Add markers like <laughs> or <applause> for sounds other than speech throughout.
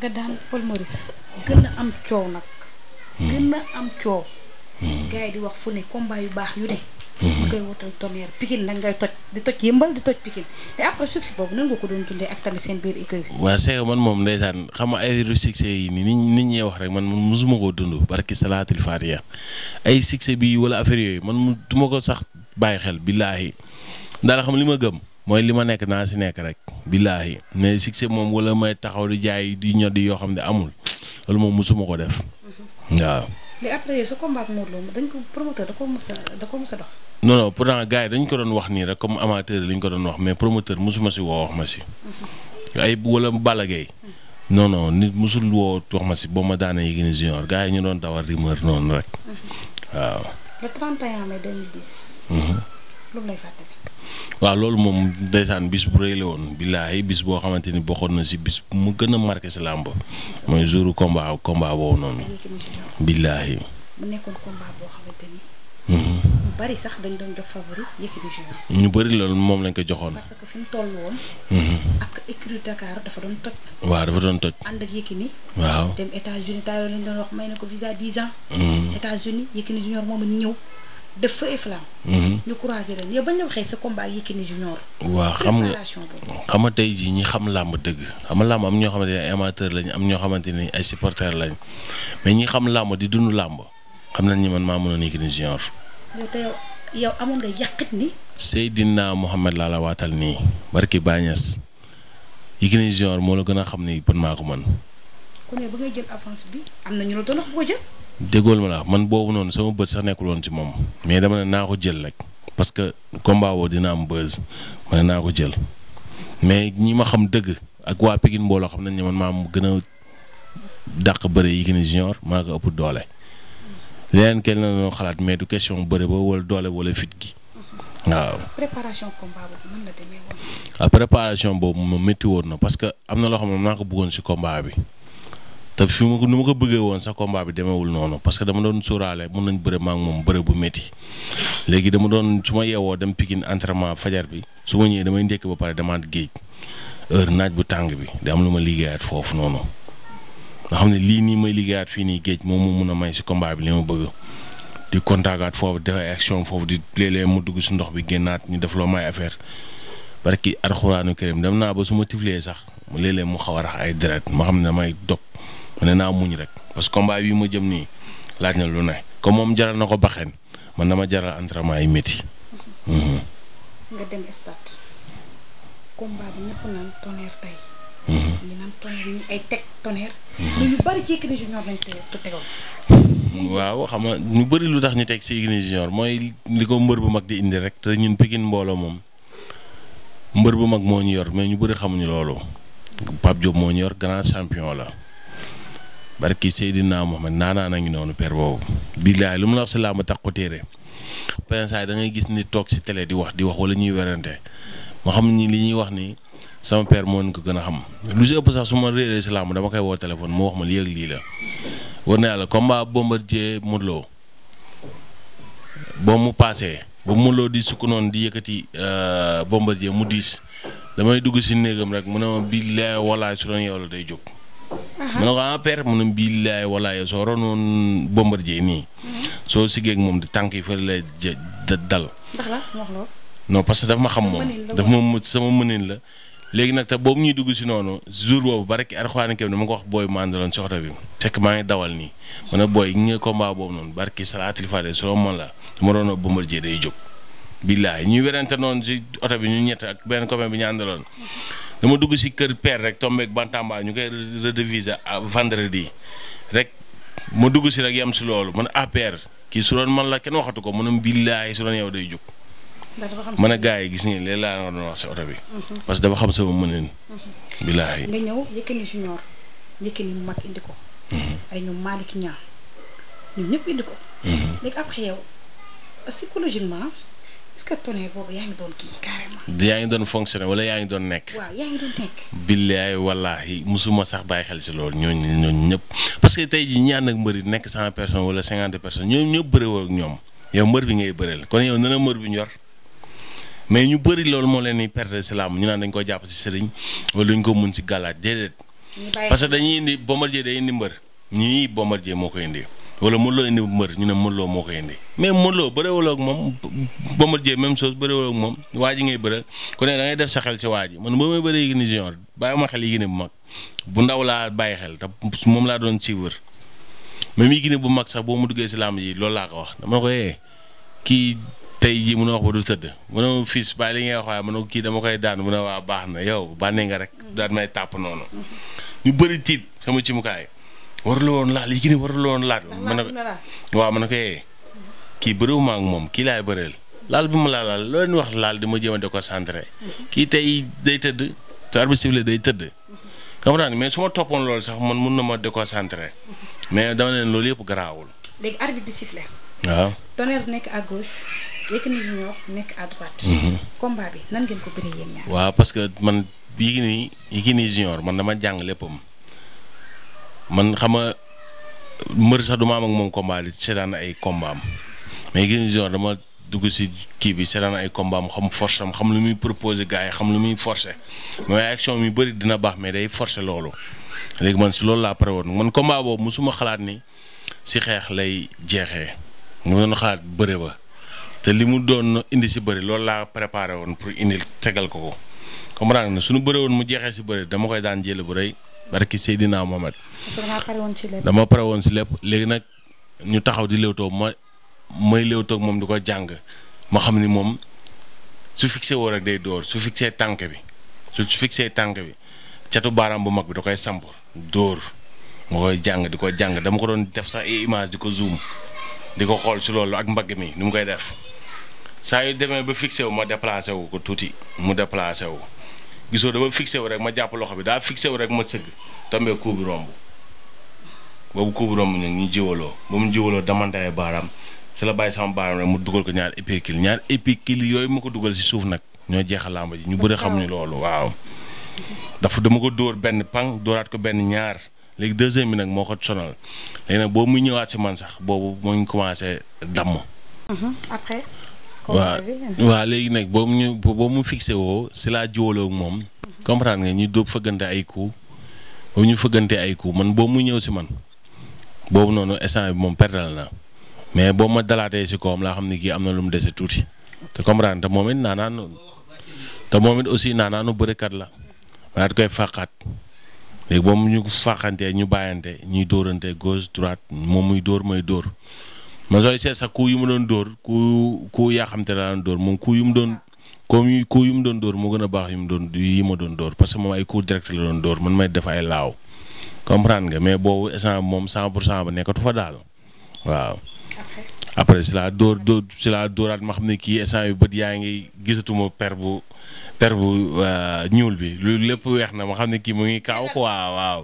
nga daan Paul Maurice gën a am coow nag. gën a am coow. gars di wax fu ne combat yu baax yu ne. ñu koy wutal Tonnerre Pikine nag ngay toj di toj yëmbal di toj Pikine te après succès boobu nan nga man moom ndeysaan xam nga ay succès yi nii nit ñi wax rek man mosuma koo dund barki salaatil faatiha ay succès bi wala affaire yooyu man duma ko sax bàyyi xel billaahi daal xam li ma gëm. mooy li ma nekk naa si nekk rek. billaahi mais succès moom wala may taxaw di jaay di ñoddi yoo xam ne amul loolu moom mosuma ko def. waaw. mais après sa dañ ko yi dañ ko doon wax nii rek comme amateur li ñu ko doon wax mais promoteur mosuma si woo wax ma si. Mhm. ay wala Balla Gaye mhm. nit musul woo wax ma si ba ma daana Yékini Junior gars yi ñu doon dawal rumeur noonu rek. Mhm. waaw loolu moom ndeysaan bis bu rëy la woon billaahi bis boo xamante ni bokkoon na si bis mu gën a marqué si làmb mooy jouru combat combat boobu noonu. billaahi. mu nekkoon combat boo xamante ni. Mhm. ñu bari sax loolu moom lañ ko joxoon. parce que fi mu mhm. ak écurie Dakar dafa doon toj. waaw dafa doon toj. waaw dem états lañ doon wax may na ko visa 10 ans. Mhm. états Junior moom ñëw. def fa mhm. xam nga xam nga tey jii ñi xam làmb dëgg xam nga làmb am ñoo xamante ne ay lañ am ñoo xamante ne ay supporters lañ mais ñi xam làmb di dund làmb xam nañ ni man maa mënoon Yékini Junior. yow te yow amoon nga Mohamed laa la waatal nii barki Bañas Yékini Junior moo la gën a xam ni pour maa ko mën. ku ne ma la man boobu noonu sama bët sax nekkul woon ci moom mais dama ne naa ko jël rek parce que combat dina am buzz man ne naa ko jël mais ñi ma xam dëgg ak waa Pikine mbooloo xam nañ ne man maa mu gën a daq bëre yi gën a junior maa ko ëpp doole. leneen kenn la doon xalaat mais du question bëre ba wala doole wala fit gi. waaw préparation boobu ah, préparation boobu moom métti woon na parce que am na loo xam ne maa ko bëggoon ci combat bi. te fi ma nu ma ko bëggee woon sax combat bi demeewul noonu parce que dama doon sóoraale mun nañ bëre ma ak moom bëre bu métti léegi dama doon su ma yeewoo dem Pikine entraînement fajar bi su ma ñëwee damay ndékk ba pare demaat géej heure naaj bu tàng bi da lu ma liggéeyaat foofu noonu nga xam ne lii nii may liggéeyaat fii nii géej moom moo mun a may si combat bi li ma bëgg di kontaagaat foofu defay action foofu di léeg mu dugg si ndox bi génnaat ñu def loo may affaire barki arxuraanu kërim dem naa ba su ma tiflee sax léeg-léeg mu xaw a ay deret ma xam ne damay dog ma ne naa muñ rek parce que combat yi ma jëm nii laaj na lu ne comme moom jaral na ko baxeen man dama jaral entraînement yi métti. Mhm. Mhm. ay teg tonnerre. waaw xam nga ñu bëri lu tax ñu teg si Yékini mooy li ko mbër bu mag di indi rek te ñun Pikine mbooloo moom mbër bu mag moo ñu yor mais ñu bëri xamuñu loolu. Pape Diop moo ñu yor grand champion la. barki moo Mohamed naanaa na ngi noonu père boobu. billaay lu mu la wax si laa ma tax ko téere pensaay dangay gis ni toog si tele di wax di wax wala ñuy werante ma xam ni li ñuy wax ni sama père moo ko gën a xam lu si ëpp sax su ma réeree si dama koy woo téléphone mu wax ma lii ak lii la war na yàlla combat Bombardier Modou mu paasee ba Modou di sukk noonu di yëkkati euh, Bombardier mu diis damay dugg si néegam rek mu ne ma bii lee su doon yow la day jóg. ma ne ko ah père mu ne billaay walaay soo ronoon Bombardier nii. Mhm. soo siggee moom di tànk yi fa lay dal. ndax la non parce que daf ma xam moom daf ma sama mënin la. léegi nag te boobu ñuy dugg si noonu jour boobu ba rek arxuwaani kéem dama ko booy ma àndaloon bi fekk maa ngi dawal nii ma booy ñi nga combat boobu noonu barki salaatil faade solo man la dama doon a Bombardier day jóg. billaay ñuy werante noonu si oto bi ñu ñett ak benn copain bi ñu àndaloon mhm. dama dugg si kër per rek tombeeg bantamba ñu koy rediviser vendredi rek ma dugg si rek yam si loolu man ah père kii su doon man la kenn waxatu ko mënum billaay su doon yow day jóg. mën a gars gis ngeen léegi laa doon wax si oto bi. Mhm. parce que dafa xam sama mu mhm. mag indi ko. Mhm. ay ñoom Malick indi ko. léegi après yow psychologiquement. est que tonnerre yaa ngi doon kii carrément. fonctionner wala yaa ngi doon nekk. waaw yaa ngi doon nekk. billaay wallaahi musuma sax bàyyi xel si loolu ñooñu ñooñu ñëpp parce que tey jii ñi ànd ak mbëri nekk cent personnes wala cinquante personnes ñoom ñëpp bëriwoo ak ñoom yow mbër bi ngay bëreel kon yow nana mbër bi ñor mais ñu bëri loolu moo leen di perdre si làmb ñu naan dañ ko jàpp ci sëriñ wala dañ ko mun si gàllaaj déedéet. parce que dañuy indi bombardier day indi mbër ñii bombardier moo koy indi wala Modou Lo indi mbër ñu ne Modou loo moo ko indi mais Modou loo bëriwul ak moom Bombardier même chose bëriwul ak moom waa ji ngay bëre ku ne da ngay def sa xel si waa ji man ba may bëree Yékini Junior bàyyi ma xel Yékini bu mag bu ndaw laa bàyyi xel te moom laa doon siiwër même Yékini bu mag sax boo mu duggee si làmb ji loolu laa ko wax dama ko yee eh, kii tey jii mun a wax ba du tëdd mu ne ma fils ngay wax waaye ma ne ko kii koy daan mu ne waa baax na yow bànnee nga rek daan may tàpp noonu ñu bëri tiit sama cimukaay warul woon laal ki warul woon laal. man na ko waaw man na ko yee kii bëriwuma ak moom kii laay bëreel laal bi mu laal loo leen wax laal di ma jéem a déconcentré mhm. kii tey day tëdd te arbitre day tëdd. Mhm. comprendre mais su ma toppoon loolu sax man mun na ma déconcentré mhm. mais dama leen loolu yëpp garaawul. léegi waaw Tonnerre nekk à gauche Yékini Junior nekk à bi nan ngeen ko bëree yéen ñaar. waaw parce que Junior man dama jàng léppam. man xama mbër sax du ma am ak moom combat li seetaan ay combaam am mais Gris Junior dama dugg si kii bi seetaan ay combat am xam force am xam lu muy proposé gars yi xam lu muy forcé mais action mi bëri dina baax mais day forcé loolu léegi man si loolu laa pare woon man combat mu suma xalaat ni si xeex lay jeexee mu doon xalaat bëre te li mu doon indi si bëri loolu laa préparé woon pour indi tegal ko ko comprendre na sunu bëre woon mu jeexee si bëri dama koy daan jël bu rëy barki Seydina Mohamed. dama pare woon si lépp léegi nag ñu taxaw di léewtoo ma may léewtoo moom di ko jàng ma xam ni moom su fixé woo rek day dóor su fixé tànk bi su fixé tànk bi cetu baaraam bu mag bi da koy samp dóor moo koy jàng di ko jàng dama ko doon def sax ay image di ko zoom di ko xool si loolu ak mbagg mi ni mu koy def saa yu demee ba fixé wu ma déplacé wu ko tuuti mu déplacé wu. gisoo dama fixé wu rek ma jàpp loxo bi daa fixé wu rek ma sëgg tombé coup bi romb boobu coup bi romb ñu ñu jiwaloo ba mu jiwaloo damantaay baaraam si la bàyyi sama baaraam rek mu dugal ko ñaar épicule ñaar épicule yooyu ma ko dugal si suuf nag ñoo jeexal làmba ji ñu xam xamuñu loolu waaw. dafa dama ko dóor benn pang dóoraat ko benn ñaar léegi deuxième bi nag moo ko sonal léegi nag boobu muy ñëwaat si man sax boobu moo ngi commencé damm. Mhm, waaw waaw léegi nag boo mu ñu boo mu fixé woo si laa jiwaloo moom. comprendre nga ñu dóob fëggante ay coups ba ñu fëggante ay coups man boo mu ñëw si man boobu noonu instant bi moom perdal na mais boo ma dalaatee si kawam laa xam ne kii am na lu mu dese tuuti. te comprendre te moom it naanaanu te moom it aussi naanaanu bërikat la daal di koy fàqaat léegi boo mu ñu fàqantee ñu bàyyante ñuy dóorante gauche droite moom muy dóor mooy dóor. man sooy seet sax ku yu ma doon dóor ku ku yaa xam te ne daan dóor moom ku yu mu doon comme ku yu mu doon dóor moo gën a baax yu mu doon yi ma doon dóor parce que moom ay coup direct la doon dóor man may def ay laaw comprendre nga mais boobu instant moom 100 pour cent ba nekkatu fa daal waaw. après si laa dóor dóor si laa dóoraat ma xam ne kii instant yu bët yaa ngi gisatuma per bu per bu euh, ñuul bi lu lépp weex na ma xam ne kii mu ngi kaaw quoi waaw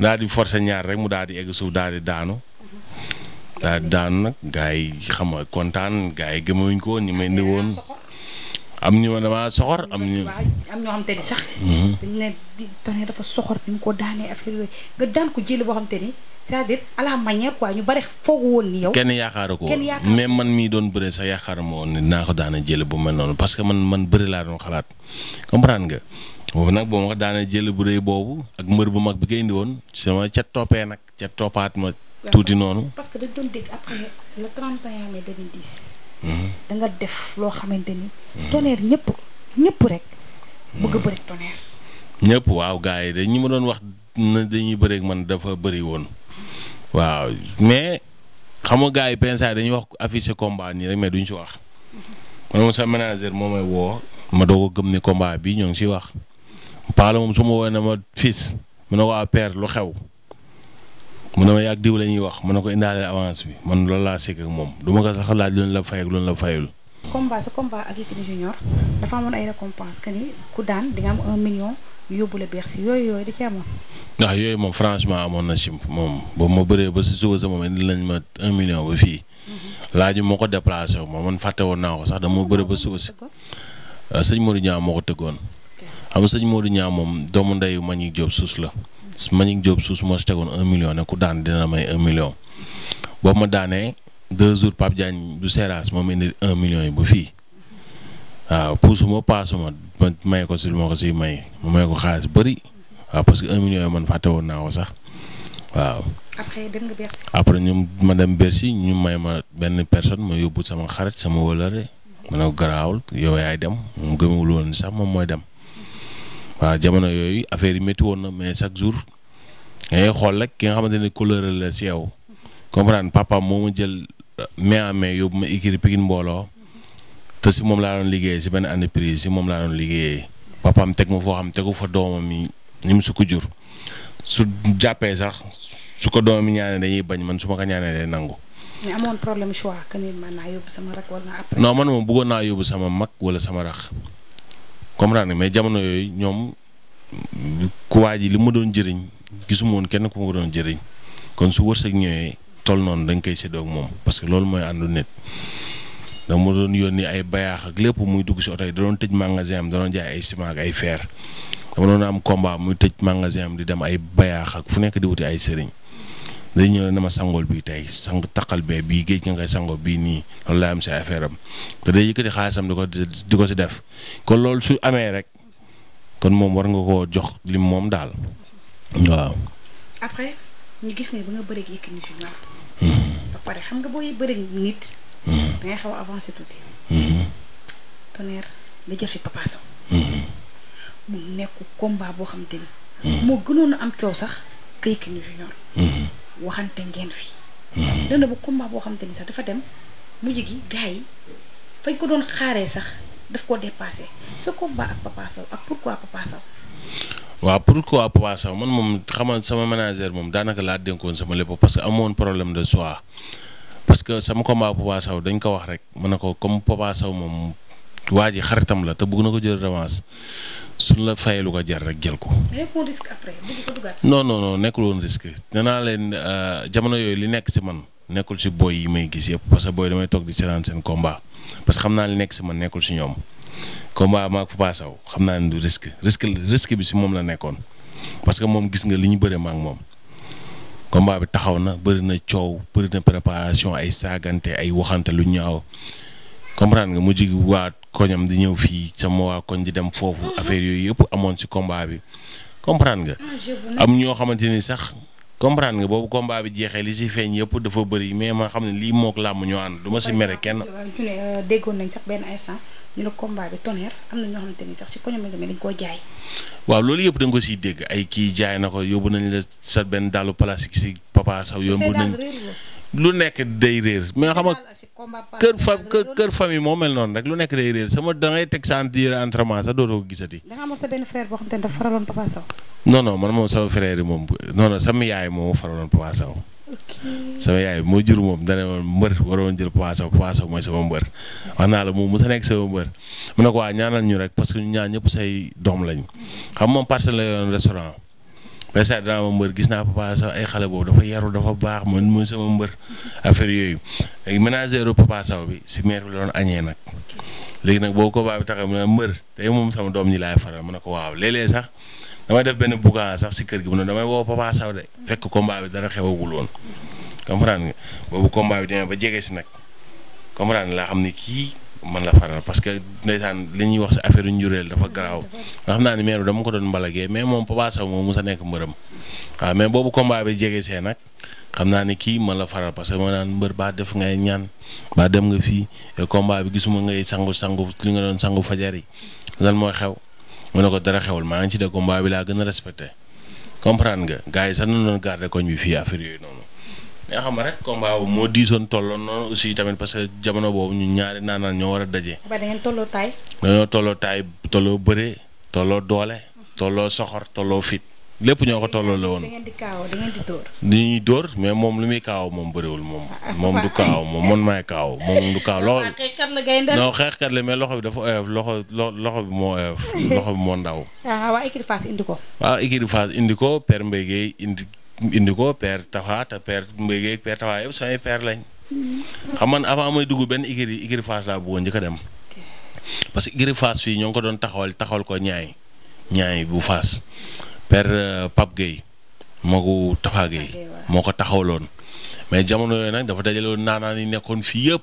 daal di forse ñaar rek mu daal di egg suuf daal di daanu. daan nag gars yi xam nga kontaan gars yi gëmuñ ko ñu may ni woon am ñu ma damaa soxor am ñu. am ñoo xam te ni sax. Mhm. dañu dafa soxor bi mu ko daanee affaire yooyu la manière quoi ñu bari kenn yaakaar ko woon mais man mii doon bëre sax yaakaar ma woon ne dinaa ko daana jël bu mel noonu parce que man man bëri laa doon xalaat comprendre nga. boobu nag boo ma ko daanee bu rëy boobu ak mbër bu mag bi koy indi woon sama ca toppee nag ca toppaat ma. tuuti noonu. parce que dañ mhm. def loo xamante ni. Mhm. Mhm. Tonnerre ñëpp waaw gars yi de ñu ma doon wax na dañuy bëri ak man dafa bëri woon. waaw mais xam nga yi pensaay dañuy wax affiché combat nii rek mais duñ si wax. man moom sa manager moo may woo. ma doog a gëm ni combat bi ñoo ngi siy wax. Paa moom su ma woowee ne ma fils mu na waa père lu xew. mu na ma yàgg diw la ñuy wax mën na ko indaale avance bi man loolu laa ak moom du ma ko sax laaj loolu la fay ak loolu la fayul. combat sa combat ak Yékini Junior dafa amoon ay récompense que ni ku daan di nga am un million yooyu yooyu da ci amoon. ndax yooyu moom franchement amoon na simp moom ba ma bëree ba si moom indi lañ ma million ba fii. Mhm. laaju moo ko déplacé wu ma man fàtte woon naa ko sax dama ba suba si. sëñ Modou moo ko tëggoon. Euh, am sëñ Modou Niang moom doomu ndeyu Magnick Diop suus la. Manick Diop suus moo si tegoon un million ne ku daan dina may un million boo ma daanee deux jours Pape Diagne bu Seras moom indi un million yi bu fii waaw puusuma paasuma ma may ko si ma ko si may ma may ko xaalis bëri waaw parce que un million yi man fàtte woon naa ko sax waaw. après dem nga Bercy. après ñu ma dem Bercy ñu may ma benn personne ma yóbbu sama xarit sama wëlëre ma ne ko garaawul yow yaay dem mu gëmul woon sax moom mooy dem. waaw jamono yooyu affaire yi métti woon na mais chaque jour ngay xool rek ki nga xamante ne couleur la si yow comprendre papa moo ma jël euh, mais en main yóbbu ma écurie Pikine mbooloo te si moom laa doon liggéeyee si benn entreprise si moom laa doon liggéeyee papaam teg ma foo xam tegu fa doomam yi ni mu su ko jur su jàppee sax su ko doomam yi ñaanee dañuy bañ man su ma ko ñaanee day nangu. mais amoon problème choix que ni man naa yóbbu sama moom bëggoon naa yóbbu sama mag wala sama rax comprendre mais jamono yooyu ñoom ku ji li ma doon jëriñ gisuma woon kenn ku ma doon jëriñ kon su wërsëg ñëwee tol noonu dañ koy séddoo moom parce que loolu mooy àndu nit dama doon yónni ay bayaax ak lépp muy dugg si oto yi da doon tëj magasin am da doon jaay ay ciment ay fer dama doon am combat muy tëj magasin am di dem ay bayaax ak fu nekk di wuti ay sëriñ. day ñëw ne ma sangool bii tey sang taqal bee bii géej nga ngay sango bii nii loolu laa am si affaire am te day yëkkati xaalisam di ko du ko si def kon loolu su amee rek kon moom war nga koo jox lim moom daal waaw. après ñu gis ne ba nga bëreeg Yékini Junior hmm. xam hmm. a avancé hmm. fi Papa waxante ngeen fi. Hmm. dana bu combat boo xamante sax dafa dem mujj gi gars yi fañ ko doon xaaree sax daf koo dépassé sa combat ak Papa ak pourquoi Papa Sow. waaw man moom xamal sama manager moom daanaka laa dénkoon sama lépp parce que amoon problème de choix parce que sama combat Papa Sow dañ ko wax rek mën na ko comme Papa moom waa ji xaritam la te bëgg na ko jël revanche suñ la fayee lu ko jar rek jël ko. nekkul risque après bëgg ko dugaat. nekkul woon risque nee naa leen euh, jamono yooyu li nekk si man nekkul si booy yi may gis yëpp parce que booy damay toog di seetaan seen combat parce que xam naa li nekk si man nekkul si ñoom combat maag Papa Sow xam naa ne du risque risque risque bi si moom la nekkoon parce que moom gis nga li ñu bëre maag moom. combat bi taxaw na bëri na coow bëri na préparation ay saagante ay waxante lu ñaaw comprendre nga mu jig waa koñam di ñëw fii sama waa koñ di dem foofu mhm. affaire yooyu yëpp amoon si combat bi comprendre nga. Ah, am ñoo xamante ni sax comprendre nga boobu combat bi jeexee li si feeñ yëpp dafa bëri mais ma xam ne lii mook làmb ñoo ànd du ma ci mere kenn. Euh, déggoon nañ sax benn instant ñu ne combat bi tonnerre am na ñoo xamante ni sax ci koñam yi dañ koo jaay. waaw loolu yëpp da ko ciy dégg ay kii jaay na ko yóbbu nañ la sa benn dalu plastique ci papa saw yóbbu lu nekk day réer mais nga xam nga kër fa kër famille moo mel noonu rek lu nekk day réer sama da ngay teg sa entraînement sax dootoo gisati. da sa benn frère boo xam te ne man moom sama frère yi moom non non sama yaay moom faraloon Papa sama yaay moo jur moom dana woon mbër waroon jël Papa Sow Papa Sow mooy sama mbër. wax naa la moom mu sa nekk sama mbër mu ne ko waa ñaanal ñu rek parce que ñu ñaan ñëpp say doom lañ xam moom parcelle la yoon restaurant. mais ça dana ma mbër gis naa papa saw ay xale boobu dafa yaru dafa baax man mooy sama mbër affaire yooyu léegi ménagère papa saw bi si maire bi la doon añee nag léegi nag boo ko baa bi taxaw ma mbër tey moom sama doom ñi laay faral ma ne ko waaw léeg sax damay def benn buggaan sax si kër gi mu ne damay woo papa saw de fekk combat dara xewagul woon comprendre nga boobu combat bi demee ba jege si nag comprendre laa xam ne kii man la faral parce que ndeysaan li ñuy wax si affaire yu njureel dafa garaaw nga xam naa ni maire dama ko doon mbalagee mais moom Papa Sow moom mu sa nekk mbërëm waaw mais boobu combat bi jege see nag xam naa ni kii man la faral parce que ma naan mbër baa def ngay ñaan baa dem nga fii combat bi gisuma ngay sangu sangu li nga doon sangu fajar yi lan mooy xew mu ne ko dara xewul maa ngi ci de combat bi laa gën a respecté comprendre nga gaa yi sa nañ doon garder koñ bi fii affaire yooyu noonu. mais xam nga rek combat moo diisoon tolloon noonu aussi tamit parce que jamono boobu ñu ñaari naanaan ñoo war a daje. ba da ngeen tolloo dañoo tolloo taay tolloo bëre tolloo doole. tolloo soxor tolloo fit. lépp ñoo ko tolloo la woon da di dóor. mais moom lu muy kaaw moom bëriwul moom. moom du kaawoo moom man maay kaawoo moom du kaawoo. loxo xeexkat mais loxo bi dafa oyof loxo bi moo oyof. <laughs> loxo bi moo ndaw. waaw ah, waaw waaw écurie Fass indi ko indi. indi ko per Tafa te père Mbengue père Tafa yëpp samay père lañ. Mm-hmm. xam man avant may dugg benn igri igri Fass laa bëggoon njëkk dem. parce que igri Fass fii ñoo ngi ko doon taxawal taxawal ko ñaay ñaay bu fas père euh, Pape Gueye magu Tafa moo ko taxawaloon mais jamono yooyu nag dafa dajale woon naanaan yi nekkoon fii yëpp.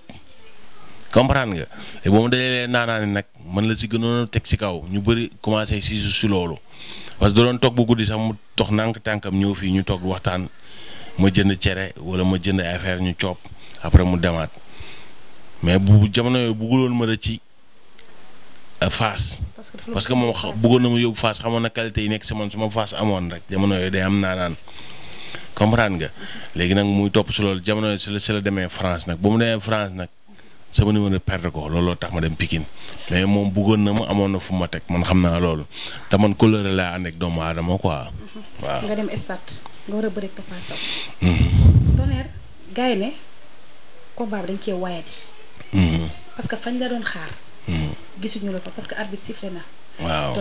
comprendre nga te boo ma dajalee naanaa nag man la si gënoon a teg si kaw ñu bëri commencé si si loolu parce que da doon toog bu guddi sax mu dox nànk tànkam ñëw fii ñu toog waxtaan ma jënd cere wala ma jënd affaire ñu coob après mu demaat mais bu jamono yooyu bëgguloon ma rëcc euh, Fass. parce que moom bëggoon na ma yóbbu Fass xamoon na qualité yi nekk si su ma Fass amoon rek jamono yooyu day am naanaan comprendre nga léegi nag muy topp si loolu jamono yooyu si la si demee France nag bu mu demee France nag. sama numéro perdre ko looloo tax ma dem Pikine mais moom bëggoon na ma amoon na fu ma teg man xam naa loolu te man couleur laa ànd ak doomu aadama ko waaw nga dem stade nga war a bëri Papa Sow. Mhm. Tonnerre gars dañ cee waayadi. Mhm. parce que fañ la doon xaar. Mhm. gisuñu la fa parce que arbitre sifflé na. waaw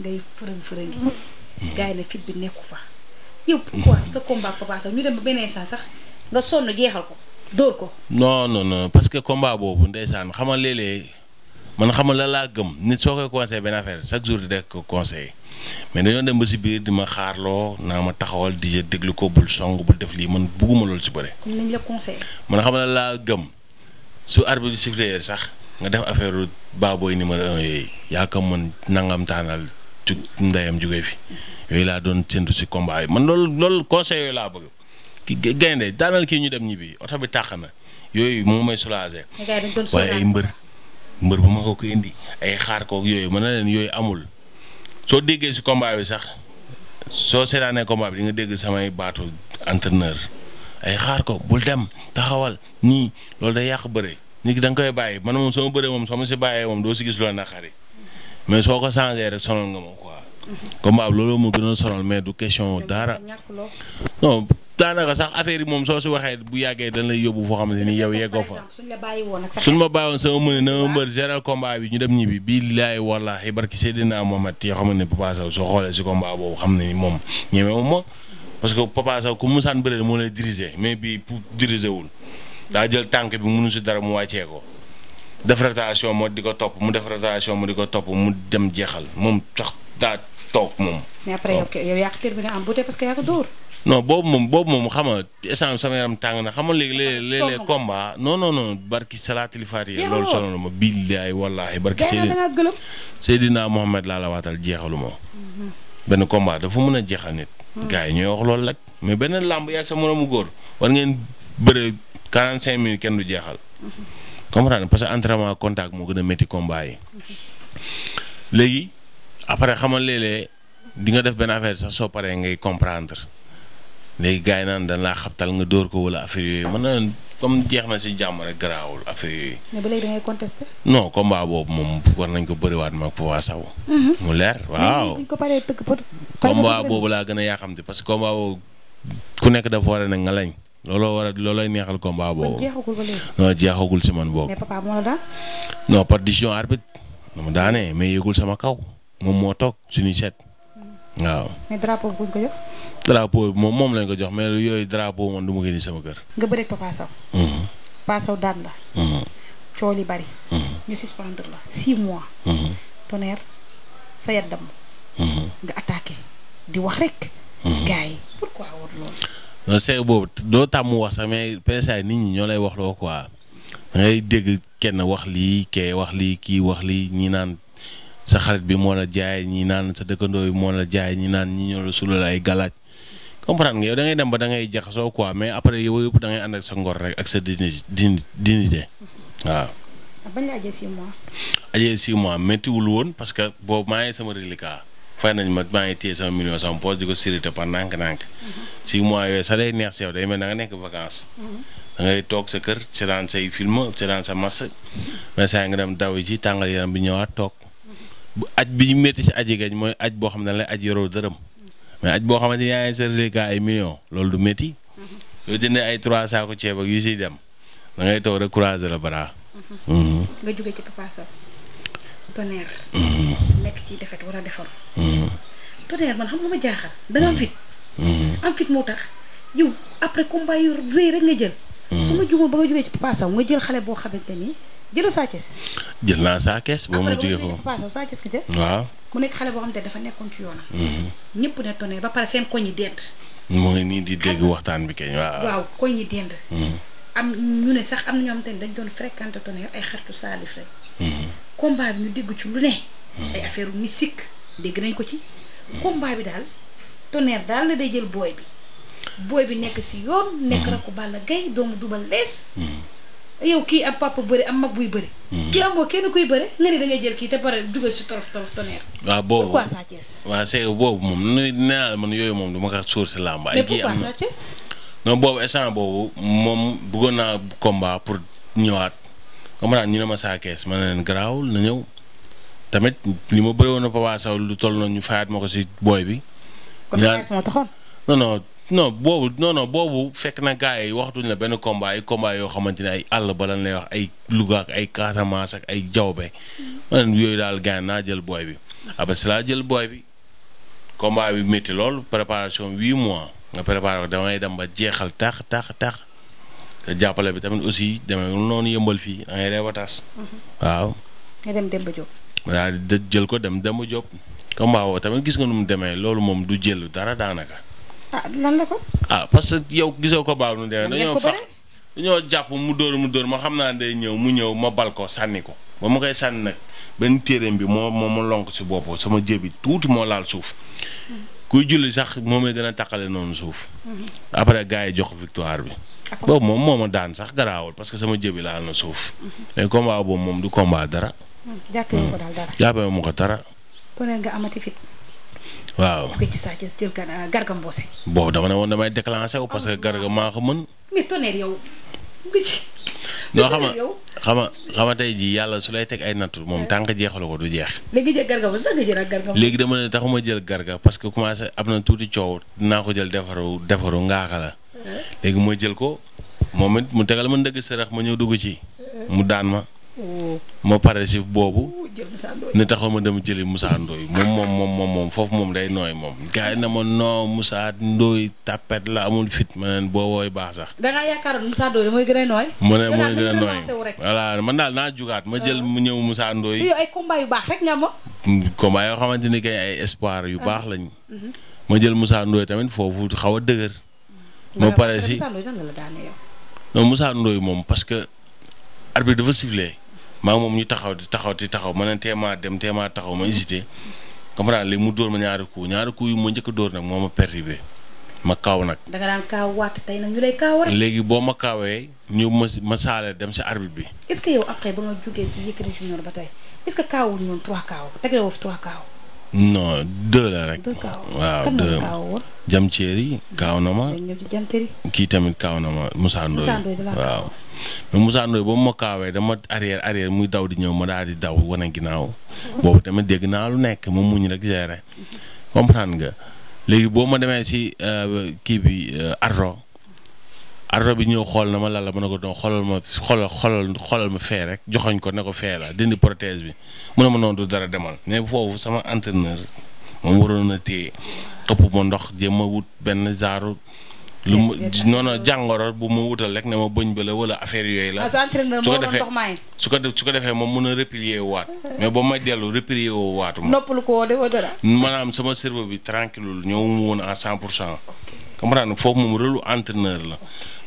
ngay fërëng fërëng yi. fit bi nekku fa. yow pourquoi sa combat Papa ñu dem ba sax nga sonn jeexal ko. dóor no non non que combat boobu ndeysaan xam nga léeg-léeg man xam la laa gëm nit soo koy conseillé benn affaire chaque jour di dekk ko conseillé mais dañoo dem ba si biir di ma xaarloo naa ma taxawal di déglu ko bul song bu def lii man bugguma loolu si bëre. comme niñ man xam la laa gëm su arbitre bi sifflé sax nga def affaire baaboy numéro un yooyu yaa ko mën nangam taanal jug ndeyam jugee fi yooyu laa doon séntu si combat yi man loolu loolu conseil yooyu laa bëgg. ki gaynde daanal kii ñu dem ñibbi oto bi tàq na yooyu moom may soulager. waaye ay mbër mbër bu ma ko ko indi ay xaar kook yooyu mën na leen yooyu amul soo déggee si combat bi sax soo seetaanee combat bi di nga dégg samay baatu entraîneur ay xaar ko bul dem taxawal nii loolu day yàq bëre ki da koy bàyyi man moom sama bëre moom soo ma si bàyyee moom doo si gis loo mais soo ko changé rek sonal nga ma quoi. Mhm. combat bi loolu moo mais du question dara daanaka sax affaire yi moom soo si waxee bu yàggee dañ lay yóbbu foo xam ni yow yeggoo fa suñ ma bàyyi woon sama mën ne na ma mbër général combat bi ñu dem ñibbi billaahi wallaahi barki Seydina Mohamed yoo xam ne Papa Sow soo xoolee si combat boobu xam ne ni moom ñemewu ma parce que Papa Sow ku musaan bëree moo lay diriger mais bii pour diriger wul daa jël tànk bi mënu si dara mu wàccee ko def rotation mo di ko topp mu def rotation mo di ko topp mu dem jeexal moom sax daa toog moom. mais oh. boobu moom boobu moom xam sama yaram tàng na xam ah, nga léegi léeg-léeg les combats non non non barki salaatil faatiha loolu sonal ma billaay wallaahi barki Seydina Seydina laa la waatal jeexalu ma mhm. benn combat dafa mën a jeexal nit mhm. gars yi ñooy wax loolu rek mais benn làmb yaag sa moromu góor war ngeen bëre 45 minutes kenn du jeexal mhm. comprendre parce que entraînement contact moo gën a métti combat yi léegi après xamal léeg-léeg di nga def benn affaire sax soo paree ngay comprendre léegi gars yi naan dañ laa xabtal nga dóor ko wala affaire yooyu mën na comme jeex na si jàmm rek garaawul affaire yooyu. boobu moom war nañ ko bëriwaat ma Papa Sow. Mhm. mu leer waaw mais ko paree tëkk pour. combat boobu laa gën a yaaxamte parce que combat boobu ku nekk dafa war a nag nga lañ. looloo war loolooy neexal combat boobu. jeexagul ba léegi. jeexagul si man boobu. mais daan. non par décision arbitre. nu daanee mais yëgul sama kaw. moom moo toog suñuy seet mm. waaw. mais drapeau bu ko jox. drapeau bi moom moom lañ ko jox mais yooyu drapeau man du ma génn sama kër. nga bëreeg ko Sow. Mm-hmm. Papa Sow daan la. Mm-hmm. coow li bari. Mm-hmm. ñu suspendre la six mois. tonnerre sa yat nga attaqué di wax rek. gars yi pourquoi war loolu. non c'est boobu doo tàmm wax sax mais PSA nit ñi ñoo lay wax loo quoi da ngay dégg kenn wax lii kee wax lii kii wax lii ñi naan. sa xarit bi moo la jaay ñi naan sa dëkkandoo bi moo la jaay ñi naan ñi ñoo la sulal ay galaaj comprendre nga yow da ngay dem ba da ngay jaxasoo quoi mais après yow yëpp da ngay ànd ak sa ngor rek ak sa dignité dignité waaw. bañ la ajee six mois. ajee woon parce que boobu maa ngi sama reliquat fay nañ ma maa ngi téye sama million sama poche di ko sirité par nànk-nànk. Mhm. six mois yooyu sax day neex si yow day mel na nga nekk vacance. Mhm. da ngay toog sa kër seetaan say film seetaan sa mas mais mhm. saa nga dem daw ji tàngal yaram bi ñëwaat toog. bu aj bi métti si aji gañ mooy aj boo xam ne la aj yoroo dërëm mais aj boo xamante ne yaa ngi serré ka ay millions loolu du métti yoo jëndee ay trois saako ceeb ak yu siy dem da toog rek croiser le bras. Mhm. Mhm. nga jóge ci Papa Sow. Mhm. man xam nga ma jaaxal da fit. am fit moo tax yow après combat yu rëy rek nga jël. su ma jugul ba nga jógee ci Papa nga jël xale boo xamante ni. jëlu Sa Thiès. jël naa Sa Thiès ba mu jógee foofu waaw. mu nekk xale boo xam ne dafa nekkoon ci yoonam. Mhm. ñëpp ne tonné ba pare seen koñ yi dend. moo ngi nii di dégg waxtaan bi keñ waaw. waaw koñ yi dend. Mhm. am ñu ne sax am na ñoo xam te ne dañ doon fréquenté tonné ay xaritu saalif rek. Mhm. combat bi ñu dégg ci lu ne. ay affaire musique dégg nañ ko ci. combat bi daal tonnerre daal na day jël booy bi booy bi nekk si yoon. nekk na ko Balla Gaye doomu Double Less. yow kii am papa bëri am mag buy bëri. Hmm. kii amoo kenn kuy bëri nga ne da jël kii te pare dugal si torof torof tonnerre. waaw boobu pourquoi Sa boobu moom nee naa la man yooyu moom du ma ko suur si làmb. ay kii am na boobu instant boobu moom bëggoon naa combat pour ñëwaat xam naa ñu ne ma Sa Thiès ma ne leen garaawul na ñëw tamit li ma bëri woon na Papa lu toll na ñu fayaat ma ko si booy bi. ñu naan non boobu non boobu fekk na gars yi waxatuñ la benn combat ay combat yoo xamante ne ay àll ba lay wax ay Louga ak ay Casamance ak ay jawbe mm-hmm. man yooyu daal gaan naa jël booy bi mm-hmm. après laa jël booy bi combat bi métti lool préparation huit mois nga préparé ko dem ba jeexal tax tax tax te jàppale bi tamit aussi demee noonu yëmbal fii da ngay reeba mm-hmm. waaw nga dem Demba Diop waaw jël ko dem Demba Diop combat woo tamit gis nga nu mu demee loolu moom du jël dara daanaka ah lan ah, parce que yow gisoo ko baaw nu demee dañoo fax dañoo jàpp mu dóor mu dóor ma xam naa day ñëw mu ñëw ma bal ko sànni ko ba ma koy sànni nag benn téereem bi moo moom ma lonk si bopp sama jébi tuuti moo laal suuf. Hmm. kuy julli sax moomee dana taqale noonu suuf. Hmm. après gars yi jox victoire bi. boobu moom moo ma daan sax garaawul parce que sama jëbi laal na suuf. Hmm. mais combat boobu moom du combat dara. jàppee ma ko dara. jàppee dara. waaw bëgg ci saa jël euh, boobu dama ne woon damay déclenché wu parce que ah. garga maa ko mën. mais tonnerre noo xama xama tey jii yàlla su lay teg ay nattu moom eh. tànk jeexalu ko du jeex. léegi jël garga ba nga jël dama ne taxuma jël garga parce que commencé am na tuuti coow dinaa ko jël defaru defaru ngaaxa eh. léegi ma jël ko moom it mu tegal ma ndëgg sërëx ma ñëw dugg ci. Eh. mu daan ma. ma pare si boobu. ni taxaw ma dem jëli Moussa Ndoye moom moom moom foofu moom day nooy moom gars yi na ma noo Moussa Ndoye la amul fit ma ne baax sax. da ngaa nooy. ma ne mooy man daal naa jugaat ma jël mu ah. ñëw Moussa Ndoye. yooyu ah? yoo xamante ni kay ay espoir yu ah. baax lañ. Mhm. ma jël Moussa Ndoye tamit foofu xaw a dëgër. ma pare si non Moussa moom parce que arbitre dafa sifflé. maa moom ñu taxaw di taxaw di taxaw ma ne maa dem teemaa taxaw ma hésité comprendre léegi mu dóor ma ñaari coups ñaari coups yu ma njëkk a dóor nag moo ma perturbé ma kaaw nag. da daan kaaw waat tey nag ñu lay kaaw rek. léegi boo ma kaawee ñu ma ma dem si arbitre bi. est yow après ba nga jógee ci Yékini Junior ba tey est ce que trois kaaw tegle woo fi trois kaaw. non deux la rek. waaw deux jam ceeri kaaw na ma kii tamit kaaw na ma Moussa Ndoye waaw mais Moussa boobu ma kaawee dama arrière arrière muy daw di ñëw ma daal di daw wane ginnaaw boobu tamit dégg naa lu nekk ma muñ rek gérer comprendre nga léegi boo ma demee si euh, kii bi euh, arro ardo bi ñëw xool na ma lan la ma ne ko doon xoolal ma xoolal xoolal xoolal ma fee rek joxoñ ko ne ko fee la dindi prothèse bi mu ne ma noonu du dara demal mais foofu sama entraîneur moom waroon na téye topp ma ndox jéem a wut benn zaaru lu ma noonu jàngoro bu ma wutal rek ne ma bëñ ba la wala affaire yooyu la. Ah, su ko defee su ko su ko defee ma mun a replier waat mais ba ma dellu replier waatu ma. noppalu ko defoo maanaam sama cerveau bi tranquille ñëw mu woon à 100 pour cent. comprendre foofu moom rôle entraîneur la.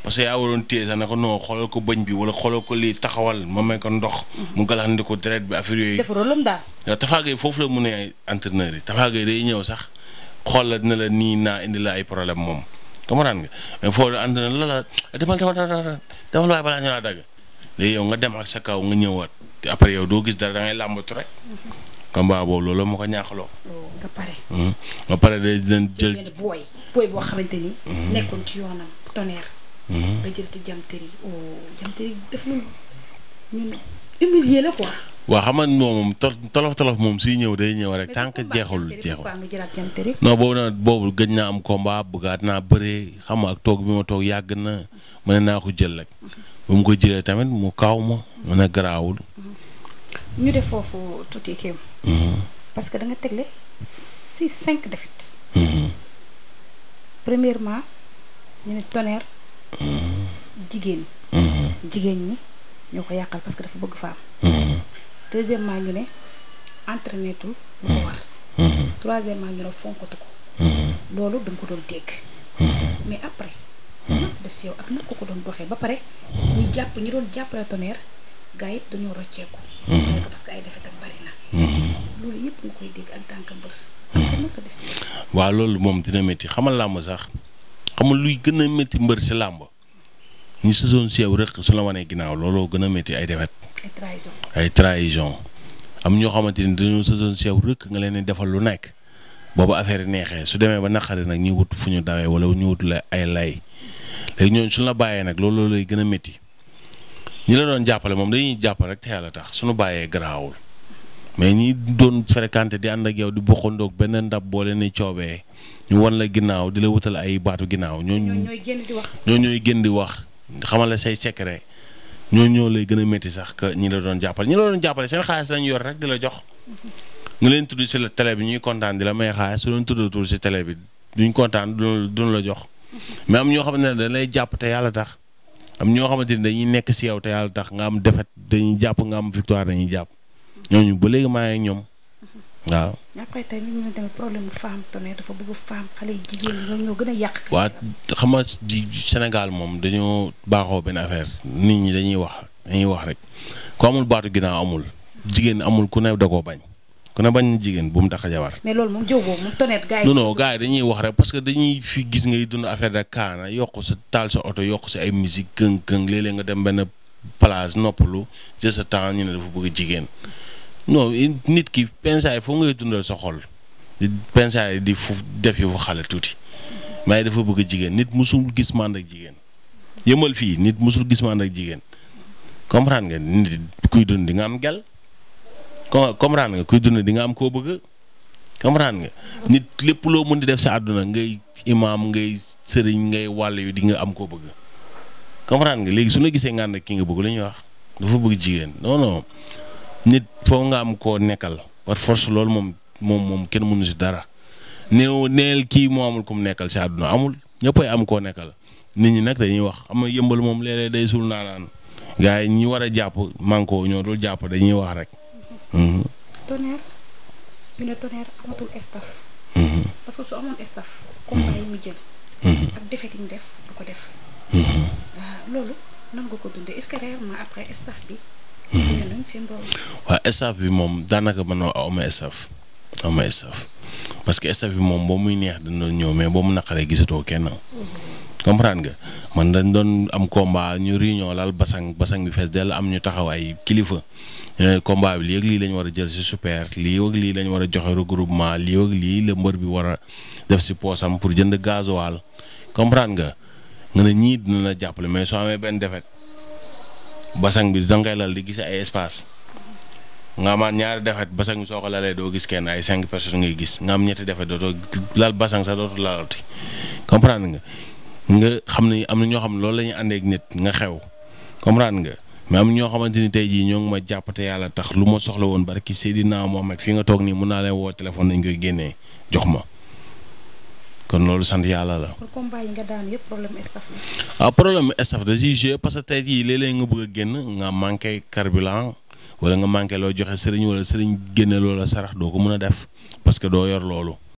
parce que yaa waroon téye sax ne ko non xoolal ko bëñ bi wala xoolal ko lii taxawal ma may ko ndox. mu galaxandi ko deret bi affaire yooyu. defaroon daal. waaw Tafa foofu la mu ne ay entraîneur yi Tafa Gueye day ñëw sax xool la dina la nii naa indi la ay problème moom. comprendre nga mais foofu la entraîneur la la demal demal demal balaa ñu laa dagg léegi yow nga dem ak sa kaw nga ñëwaat te après yow doo gis dara da ngay làmbatu rek. combat boobu loolu moo ko ñaaxaloo. nga hmm? pare. day dinañ jël. booy booy boo Mm-hmm. nga jël oh, xam moom tolof tolof moom suy ñëw day ñëw rek tant que jeexul jeexul. non boobu nag naa am combat bëggaat naa bëree xam ak toog bi ma toog yàgg na ma naa ko jël rek. Mm-hmm. bu mu ko jëlee tamit mu kaaw ma. mu ne garaawul. Mm-hmm. ñu def foofu tuuti kéem. parce que da tegle six cinq défaites. jigéen mm-hmm. jigéen ñi ñoo ko yàqal parce que dafa bëgg femme mm-hmm. deuxièmement ñu ne entraîné lu ko war troisièmement ñu ne fonkatu ko mm-hmm. loolu danga ko doon dégg mais après def si yow ak nag ko ko doon doxee ba pare ñu jàpp ñu doon jàppale Tonnerre gars yëpp dañoo rocceeku parce que ay defet ak bari na loolu yëpp nga koy dégg en tant que mbër waaw loolu moom dina métti xamal laa ma sax xam luy gën a métti mbër si làmb ñi sa sew rek su la wanee ginnaaw looloo gën a métti ay defet ay trahison am ñoo xamante ni dañoo sa sew rek nga leen defal lu nekk booba affaire yi neexee su demee ba naqari nag ñu wut fu ñu dawee wala ñu wut la ay lay léegi ñooñu suñu la bàyyee nag looloo lay gën a métti ñi la doon jàppale moom dañuy jàppale rek te yàlla tax suñu bàyyee garaawul mais ñi doon fréquenté di ànd ak yow di bokkandoog benn ndab boo leen coobee ñu won la ginnaaw di la wutal ay baatu ginnaaw ñooñu. ñooy génn di wax ñooñu ñooy génn di wax xamal la say secret ñoo ñoo lay gën a métti sax que ñi la doon jàppale ñi la doon jàppale seen xaalis lañ yor rek di la jox. nga leen tudd si la télé bi ñuy kontaan di la may xaalis su leen tuddatul si télé bi duñ kontaan duñ la jox. mais am ñoo xamante ne dañ lay jàpp te yàlla tax am ñoo xamante ni dañuy nekk si yow te yàlla tax nga am défaite dañuy jàpp nga am victoire dañuy jàpp ñooñu ba léegi maa ngi ñoom waaw. ñàkk tey waa xam Sénégal moom dañoo baaxoo benn affaire nit ñi dañuy wax dañuy wax rek ku amul baatu ginnaaw amul jigéen amul ku ne da bañ ku ne bañ jigéen bu mu tax a jabar. mais loolu dañuy wax rek parce que dañuy fi gis ngay dund affaire de kaana yokk sa taal sa oto yokk sa ay musique këng këng léeg nga dem benn place noppalu jël sa temps ñu ne dafa bëgg jigéen. non nit ki pensaay foo ngay dundal sa xol pensaay di fu def yu fa xale tuuti mais dafa bëgg jigéen nit musul gis man ak jigéen yëmal fii nit musul gis man ak jigéen comprendre nga nit nga am gel comprendre nga kuy dund di nga am koo bëgg comprendre nit lépp loo mën di def sa àdduna ngay imaam ngay sëriñ ngay wàll yu di nga am ko bëgg comprendre nga léegi su la gisee nga ànd ki nga bëgg la ñuy wax dafa bëgg jigéen non nit foo nga am ko nekkal par force loolu moom moom moom kenn mënu si dara néew neel kii moo amul ku mu nekkal si àdduna amul ñëppay am koo nekkal nit ñi nag dañuy wax am yëmbal moom léeg day suul naanaan gars ñi war a jàpp manko ñoo dul jàpp dañuy wax rek. Mhm. waaw staff bi moom daanaka ba aw ma staff aw ma staff parce que staff bi moom boo muy neex dana ñëw mais boo mu naqaree gisatoo kenn. comprendre nga man dañ doon am combat ñu réunion laal basan basang bi fees dell am ñu taxaw ay kilifa combat bi lii ak lii lañ war a jël si super lii ak lii lañ war a joxe regroupement lii ak lii la mbër bi war a def si poosam pour jënd gasoil comprendre nga nga ne ñii dina la jàppale mais soo amee benn défaite basang bi dangay lal di gis ay espace nga amaat ñaari defet basang bi soo ko lalee doo gis kenn ay cinq personnes ngay gis nga am ñetti defet dootoo lal basang sax dootul lalati comprendre nga nga xam ne am na ñoo xam ne loolu la àndeek àndee nit nga xew comprendre nga mais am ñoo xamante ni tey jii ñoo ngi ma jàppate yàlla tax lu ma soxla woon ki barki moo Mohamed fii nga toog nii mun naa leen woo téléphone dañ koy génnee jox ma. kon loolu sant yàlla la. kon problème staff la. waaw ah, problème staff da ciy joué parce que tey jii léeg-léeg nga bëgg génn nga manqué carburant wala nga manqué loo joxe sëriñ wala sëriñ génne loola sarax doo ko mën a def parce que doo yor loolu.